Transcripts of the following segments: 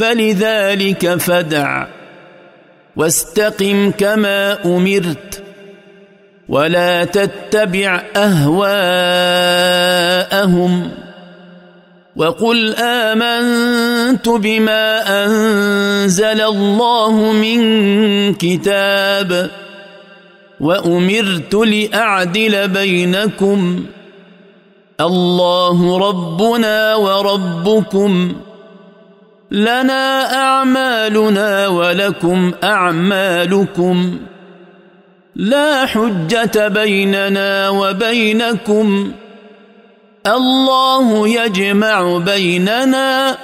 فلذلك فدع واستقم كما امرت ولا تتبع اهواءهم وقل امنت بما انزل الله من كتاب وامرت لاعدل بينكم الله ربنا وربكم لنا اعمالنا ولكم اعمالكم لا حجه بيننا وبينكم الله يجمع بيننا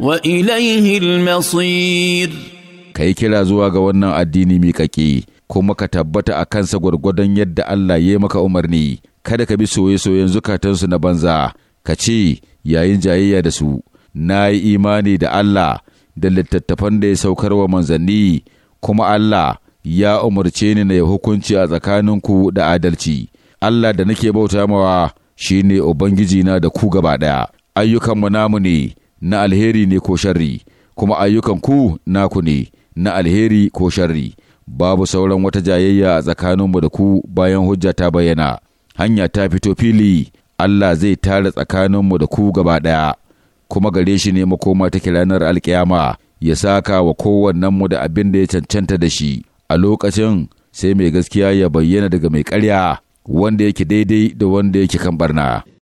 وإليه المصير kai kira zuwa ga wannan addini miƙaƙe, kuma ka tabbata a kansa gwargwadon yadda Allah ya maka umarni kada ka bi soye-soyen zukatansu na banza ka ce yayin jayayya da su na yi imani da Allah da littattafan da ya saukar wa manzanni kuma Allah ya umarce ni na yi hukunci a tsakaninku da adalci Allah da nake bauta mawa shine na da ku gaba ɗaya ayyukanmu namu ne na alheri ne ko sharri kuma ayyukan ku naku ne na alheri ko sharri babu sauran wata jayayya a tsakaninmu da ku bayan hujja ta bayyana hanya ta fito fili Allah zai tare tsakaninmu da ku gaba ɗaya kuma gare shi ne makoma take ranar alkiyama ya saka wa mu da abin da ya cancanta da shi a lokacin sai mai gaskiya ya bayyana daga mai karya wanda yake daidai da wanda yake kan barna